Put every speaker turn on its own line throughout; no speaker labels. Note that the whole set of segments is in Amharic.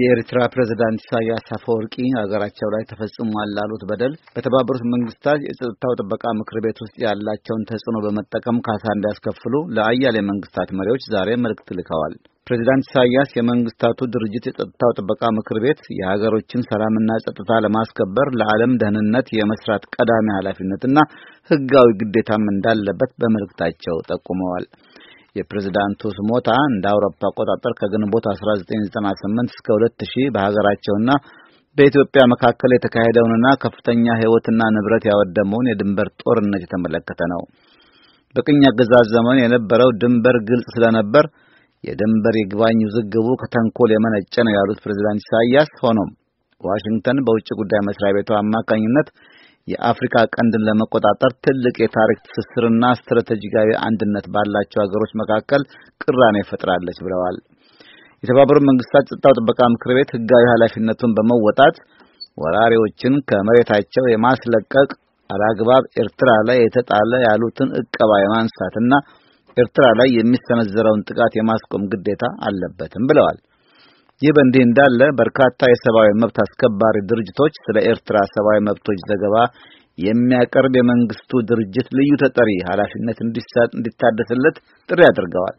የኤርትራ ፕሬዝዳንት ኢሳያስ አፈወርቂ ሀገራቸው ላይ ተፈጽሟል ላሉት በደል በተባበሩት መንግስታት የጸጥታው ጥበቃ ምክር ቤት ውስጥ ያላቸውን ተጽዕኖ በመጠቀም ካሳ እንዲያስከፍሉ ለአያሌ መንግስታት መሪዎች ዛሬ መልእክት ልከዋል። ፕሬዚዳንት ኢሳያስ የመንግስታቱ ድርጅት የጸጥታው ጥበቃ ምክር ቤት የሀገሮችን ሰላምና ጸጥታ ለማስከበር ለዓለም ደህንነት የመስራት ቀዳሚ ኃላፊነትና ሕጋዊ ግዴታም እንዳለበት በመልእክታቸው ጠቁመዋል። የፕሬዝዳንቱ ስሞታ እንደ አውሮፓ አቆጣጠር ከግንቦት 1998 እስከ 2000 በሀገራቸውና በኢትዮጵያ መካከል የተካሄደውንና ከፍተኛ ሕይወትና ንብረት ያወደመውን የድንበር ጦርነት የተመለከተ ነው። በቅኝ አገዛዝ ዘመን የነበረው ድንበር ግልጽ ስለነበር የድንበር ይግባኝ ውዝግቡ ከተንኮል የመነጨ ነው ያሉት ፕሬዝዳንት ኢሳያስ ሆኖም ዋሽንግተን በውጭ ጉዳይ መስሪያ ቤቱ አማካኝነት የአፍሪካ ቀንድን ለመቆጣጠር ትልቅ የታሪክ ትስስርና ስትራቴጂካዊ አንድነት ባላቸው ሀገሮች መካከል ቅራኔ ፈጥራለች ብለዋል። የተባበሩት መንግስታት ጸጥታው ጥበቃ ምክር ቤት ህጋዊ ኃላፊነቱን በመወጣት ወራሪዎችን ከመሬታቸው የማስለቀቅ አላግባብ ኤርትራ ላይ የተጣለ ያሉትን እቀባ የማንሳትና ኤርትራ ላይ የሚሰነዘረውን ጥቃት የማስቆም ግዴታ አለበትም ብለዋል። ይህ በእንዲህ እንዳለ በርካታ የሰብአዊ መብት አስከባሪ ድርጅቶች ስለ ኤርትራ ሰብአዊ መብቶች ዘገባ የሚያቀርብ የመንግስቱ ድርጅት ልዩ ተጠሪ ኃላፊነት እንዲታደስለት ጥሪ አድርገዋል።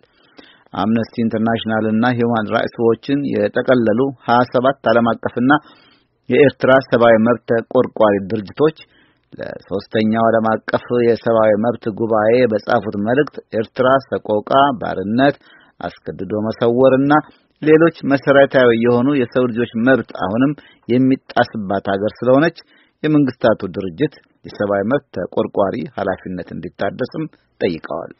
አምነስቲ ኢንተርናሽናል እና ሂውማን ራይትስ ዎችን የጠቀለሉ 27 ዓለም አቀፍና የኤርትራ ሰብአዊ መብት ተቆርቋሪ ድርጅቶች ለሶስተኛው ዓለም አቀፍ የሰብአዊ መብት ጉባኤ በጻፉት መልእክት ኤርትራ ሰቆቃ፣ ባርነት፣ አስገድዶ መሰወርና ሌሎች መሰረታዊ የሆኑ የሰው ልጆች መብት አሁንም የሚጣስባት ሀገር ስለሆነች የመንግስታቱ ድርጅት የሰብአዊ መብት ተቆርቋሪ ኃላፊነት እንዲታደስም ጠይቀዋል።